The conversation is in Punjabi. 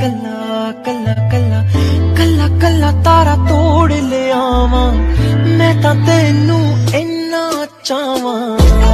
ਕੱਲਾ ਕੱਲਾ ਕੱਲਾ ਕੱਲਾ ਕੱਲਾ ਤਾਰਾ ਤੋੜ ਲਿਆਵਾਂ ਮੈਂ ਤਾਂ ਤੈਨੂੰ ਇੰਨਾ ਚਾਹਾਂ